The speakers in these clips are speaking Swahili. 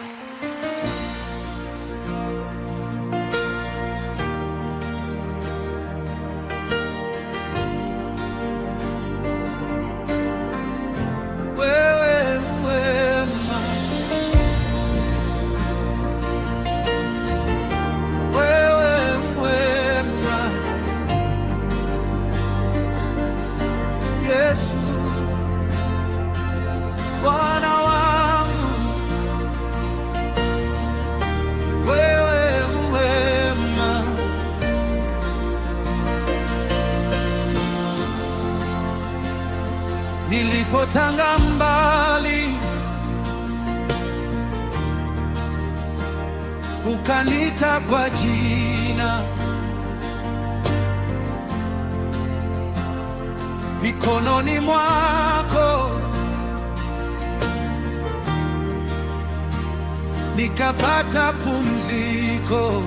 Música nilipotanga mbali, ukanita kwa jina, mikononi mwako nikapata pumziko.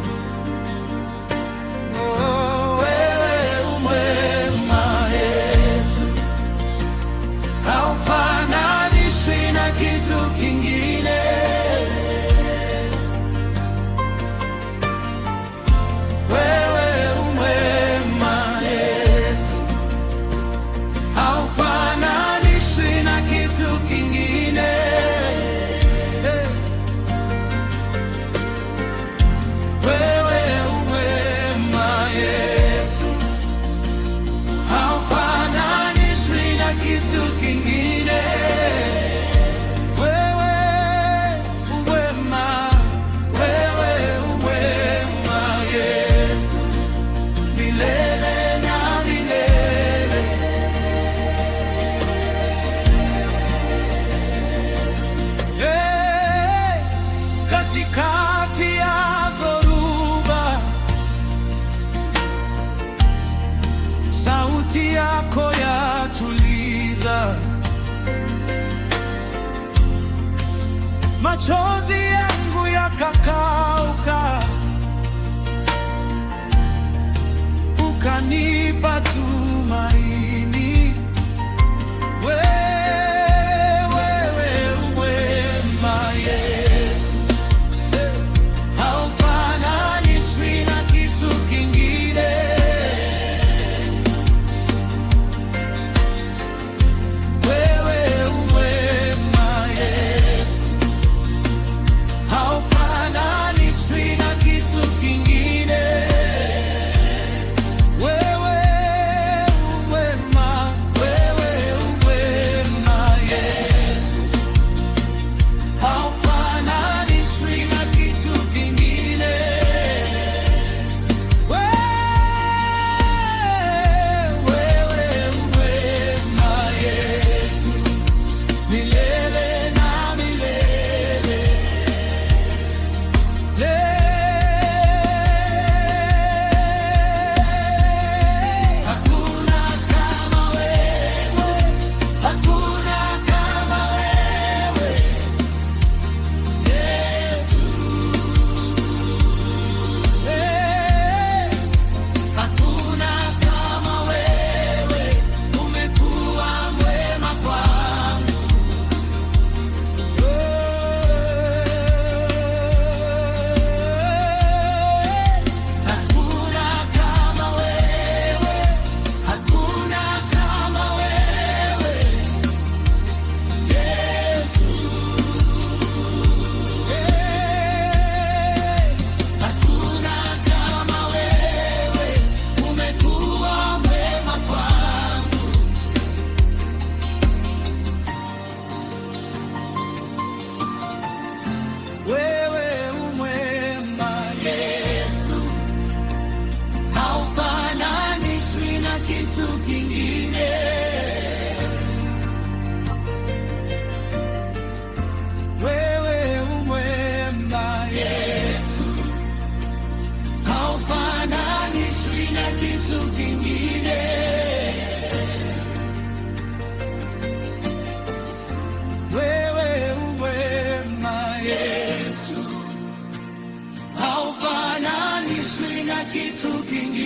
Sauti yako yatuliza machozi yangu yakakauka, ukanipa tu kitu kingine. Wewe uwema Yesu haufananishwi na kitu kingine.